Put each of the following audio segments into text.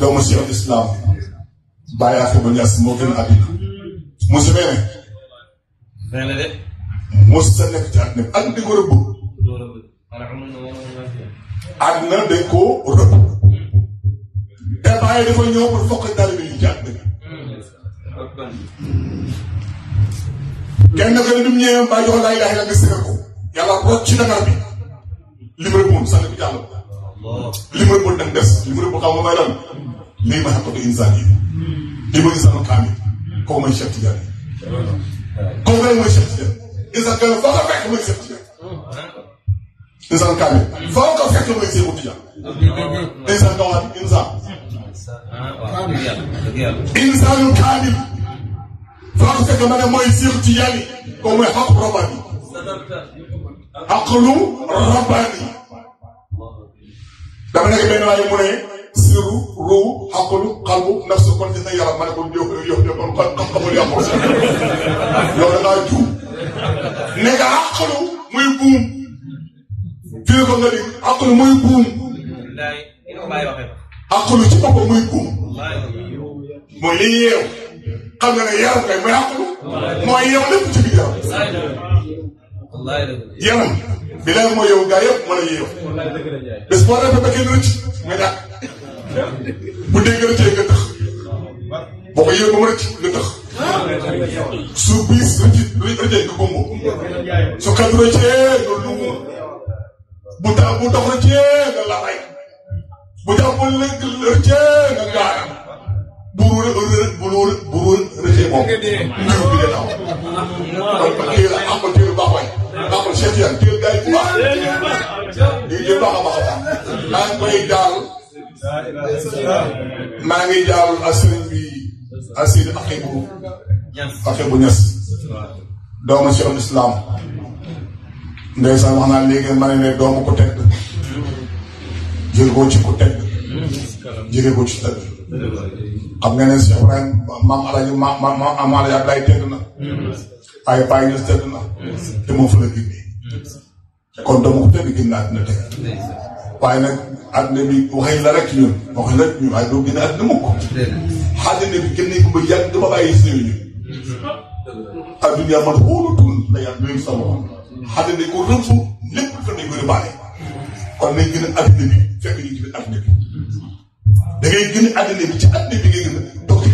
doomu Cheikh Islam bàyyi Afiba Niass moo gën a àddina mos a mel ne. de. mos a nekk ci àddina bi àddina ko rëbb. àddina dañ koo rëbb. te bàyyi dafa ñëw pour kenn ku ne ni mu ñëwee mbaa jox laa ko yàlla rocc ci dangar li mu rëbb bi jàll li mu rëbbul dem des li mu rëbbul xam nga may lan lii ma xaqatu insaan yi lii mooy insaanu kaamil kooku ko fekk mooy Cheikh ko fekk mooy Cheikh Tidiane insaan kawaati insaan insaanu kaamil foo ko fekk ma ne mooy Cheikh Tidiane dama nekk benn waaye mu ne siru ruu xaqulu xalbu nafsu kon gis na yaram ma ne ko yow yow yow kon xam-xamul yàqu yow da ngaa juum ne nga xaqalu muy buum fii ko nga di xaqalu muy buum xaqalu ci boppam muy buum mooy li yeew xam nga ne yaram kay mooy xaqalu mooy yeew lépp ci biir yow bilaay mau yow gaa yëpp mën a yeew bés boo defee ba kenn rëcc nga ñàkk bu dee nga rëccee nga tëx boo ko yéew ba mu rëcc nga tëx su biis rëcc rëccee nga gumb su xel rëccee nga lungu bu taa bu dox rëccee nga bu rëccee nga moom bi kon ba kii la am ba kii Cheikh Yan téel gars bu baax di di baax a baax a maa ngi koy daal maa ngi daal ak sëriñ bi ak sëriñ Axibu Axibu Ñas doomu Cheikhul Islam ndeysaan naa léegi ma ne ne ku tedd jël ko ci ku tedd jëlee ko ci tedd xam nga ne Cheikh Ibrahim maam Alaaji maam maam Alaaji Ablaye na ay bàyyi ñu tedd na te moom fa la génnee kon dama ko tëdd génn àddina tey waaye nag àddina bi waxee la rek ñun waxee la rek ñun waaye doo génn àddina mukk xaajane bi génne ko ba yàgg dama bàyyi séew ñu adduna man xóolatun la yàgg yooyu sama xaajane ko rëmsu lépp fa nañ ko bàyyi kon nañ gën a àddina bi fekk ñu ci biir àddina bi da ngay gën a àddina bi ci àddina bi ngay gën a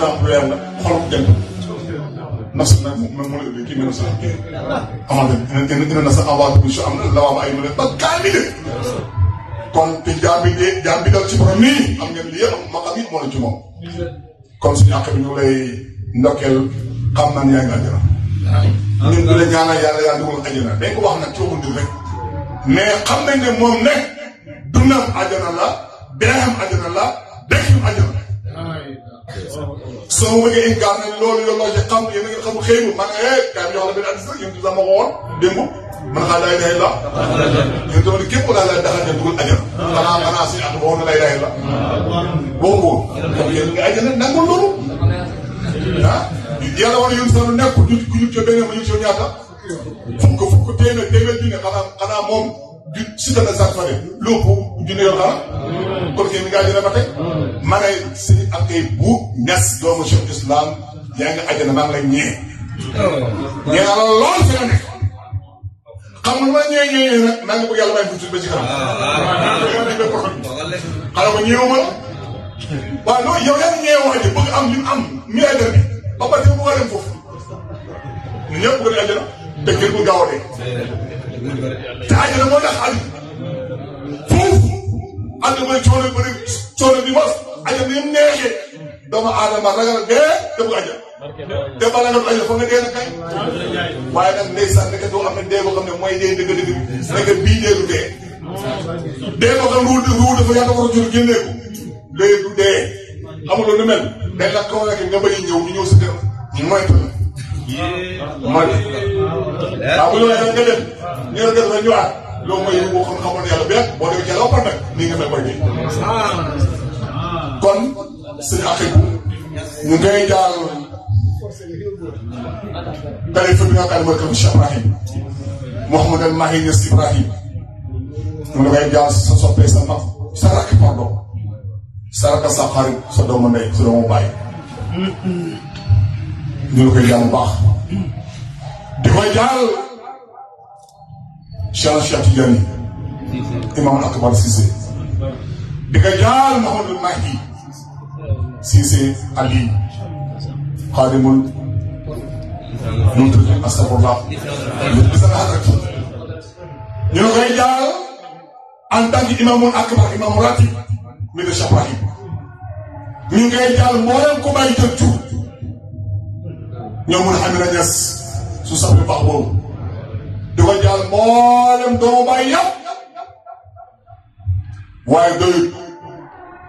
la xolam na sa avancé bu si am la waa ay ma xam it moo la ci moom. kon suñu àq bi ñu lay ndokkeel xam nañ yaa ngi àjjana. waaw ñun du la ñaanal yàlla yàlla dugal àjjana wax nag ci waxul rek. mais xam nañ ne ne dundam àjjana la deexam àjjana la. soo ma nga incarné loolu yow loo ci xam yéen a ngi xamul xëy na man eh kaay ma jox la benn addis rek yéen tuuti ma ko woon démb man xaa lay day la yéen tamit képp ku daal la daxal ne dugal ajana xanaa xanaa si at boo na lay day la boo ngoo donc yéen nga ajana nangul loolu ah yàlla war a yónni sama nekk ñu ku ñu ca benn ma ñu ca ñaata fukk fukk téeméer téeméer bi ne xanaa xanaa moom du si dana sax fa ne lépp du ne yow xanaa kon kii mi ngaa jëlee ba tey mana ngay sëñ akay bu ñas doomu cheikh islam yang ada ajana maa lay ñee ñee la lool fi la nekk xam nga ma ñee ñee ñee nag maa may futur ci xala ko yow bëgg am am mi ay ba ba te bëgg a dem ñu ñëpp bëgg a ajana dëkk bu gaaw de te ajana moo tax al foofu aja bi mu neexee doomu aadama ragal dee te bugg aja te bala nga aja foog nga dee nag kay waaye nag ndeysaan nekk doo xam ne dee boo xam ne mooy dee dëgg dëgg bii dee du dee xam ruud ruud dafa yàlla a jur nga bëri ñëw ñu si kër moytu la moytu la waaw bu ñu waxee nga dem ñu ne def la ñëwaat loolu mooy xam ne xamoon na yàlla bi rek boo demee nii nga mel mooy kon sëñ Axibu ñu ngay daal tarifa bi nga xam ne mooy kër Cheikh Ibrahim Mouhamad al mahin Niass Ibrahim ñu ngay daal sa soppee sa mag sa rak pardo sa rak sa xari sa do mo nek sa mo bay ñu ngi koy bax di koy daal Cheikh Cheikh yani imam akbar sisi di koy daal Mouhamad al Mahi Cissé Ali xaadimul nu mu tudd astafurlah bi sa xarakati ñu ne koy jaar en tant que imaamul akbar imaamul ratib mi de Cheikh Ibrahim ñu ngi koy jaar mboolem ku bàyyi jot tur ñoom mun xam ne ñes su sax bi baax boobu di ko jaar mboolem doomu bàyyi yàpp waaye doyut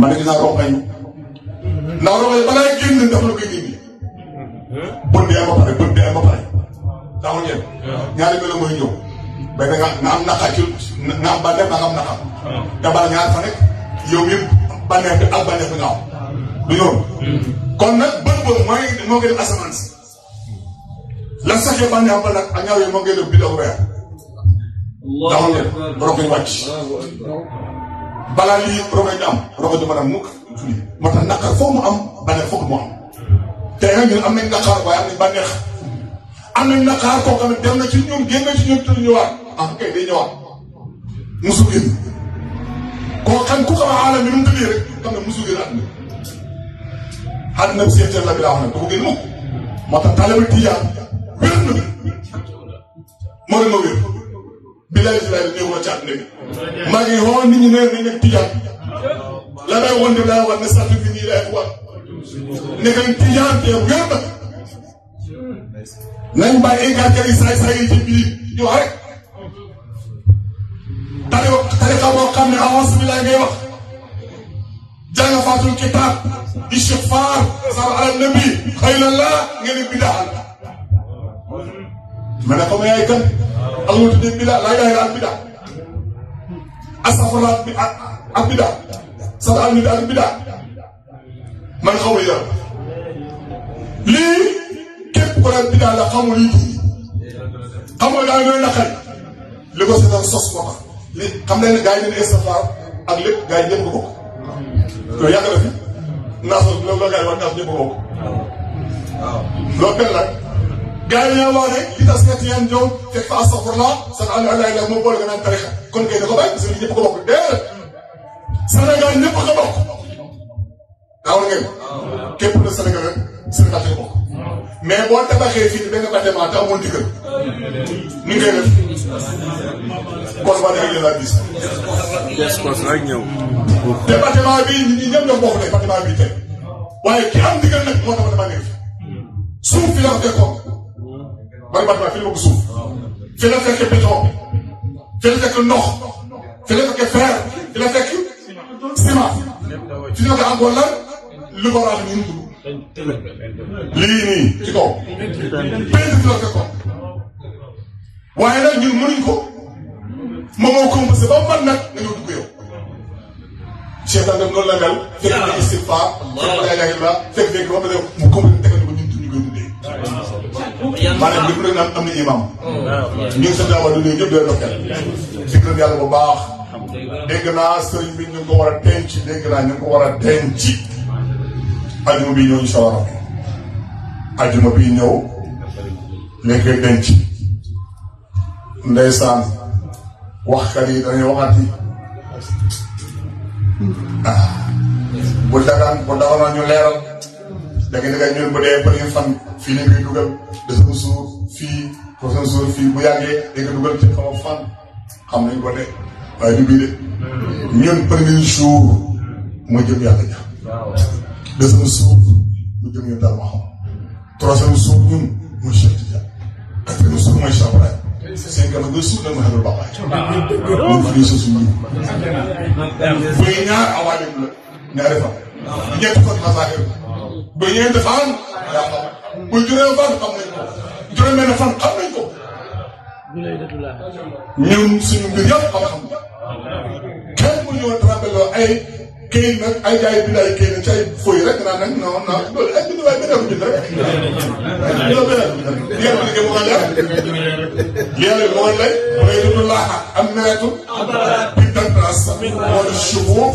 man de dinaa rox nañu ndax rox yi balaa la koy indi bët bi pare bët bi pare taxul ngeen ñaari melo mooy ñëw bay da nga na am naqar ci na am bànneex na nga am naqar te bala ñaar fa nekk yow yëpp bànneex ak bànneex bi nga du kon ngi def la ak ñaaw yi ngi def bi balaa lii rogo di am rogo du mën a mukk julli moo tax naqar foo mu am bànneex foog mu am te ñun am nañ naqaar waaye am nañ am nañ naqaar koo xam ne na ci ñoom génn na ci ñoom te ñëwaat ah kay day ñëwaat musu génn koo xam ku xam alam bi nu mu tëddee rek xam ne musu génn àdduna àdduna bi seet la bi laa wax nag moo tax taalibe Tijaan wér na wér moo dem ma wér billahi billahi ne woo caat ndege maa ngi hoo nit ñi ne ne nekk tijaan la lay wonde laa war ne sax fi nii lay war nekkan tijaan te yow yëpp nañ bàyyi gàcce yi saay saay yi ci biir yoo rek tari tariqa boo xam ne avance bi laa ngay wax jàng faatul kitaab di Cheikh Faar sar ala nabi xëy na laa ngeen bidaa ma ne ko ma yaay kan alma tuddee bida laa yaay ak bida asafara ak bida sata al nit ak bida man xaw yar lii képp ko daan bida la xamul yi xamul daa ñooy naqari li ko seetaan sos ko li xam ne gaa yi leen istifaar ak lépp gaa yi ñëpp ko loolu yàgg naasol loolu la gaa yi wax naas ñëpp ko waaw loolu قال يا واني في تسكت يان جون تكفى استغفر الله سبحان لا اله الا هو غنان كون كي دغبا بس نيب كو بوك دير سنغال نيب كو بوك داول غيم كيب دو سنغال سنغال تي بوك مي بو تباخي في بن باتما تا مول ديكل ني غي ديف كون با دغي لا بيس yes كون راك نيو ديباتما بي ني نيم نيو بوك ديباتما بي تي واي كي ام ديكل نك مو تباتما نيف سوف يلاه ديكو bari Fatima fi la bëgg suuf fi la fekk béton fi la fekk ndox fi la fekk am wala lu ko raadu ñu lii nii ci kaw benn fi la fekk ko waaye nag ko moom moo compensé ba man nag nga ñëw dugg yow. Cheikh Ndangam noonu la mel. fekk na istigfaar fekk na ay laaj yu baax mu compensé maanaam lépp rek naan am na imam ñu ngi sant yàlla du nuyu ñëpp doy dokkeel dikk nañ yàlla bu baax dégg naa sëriñ bi ñu ko war a denc dégg naa ñu ko war a denc ajuma bi ñëw incha allah ajuma bi ñëw lañ koy denc ndeysaan waxkat yi dañuy waxati ah. bu dagaan bu daganaa ñu leeral da ngay dangay ñun bu dee premier fan fii la ngay dugal deuxième jour fii troisième jour fii bu yàggee da nga dugal ci xaw fan xam nañ ko de waaye du bii de ñun premier jour mooy jëm yàlla ja deuxième jour mu jëm ñun daal xam troisième jour ñun mooy Cheikh Tidiane quatrième jour mooy Cheikh Ibrahima ma ñaar ba ñëwee defaan muy juróomi fan xam nañ ko juróomi fan xam nañ ko ñun suñu mbir yëpp xam-xam kenn mu ñëw trapeloo ay kii nag ay gars yi bind ay kii nag ci ay fooy rek naan nag non non loolu ay bind waaye benn bind rek loolu benn yàlla liggéey bu ko leer yàlla bu ko lay mooy lu laaxa am nawetu bi dan place wala chevaux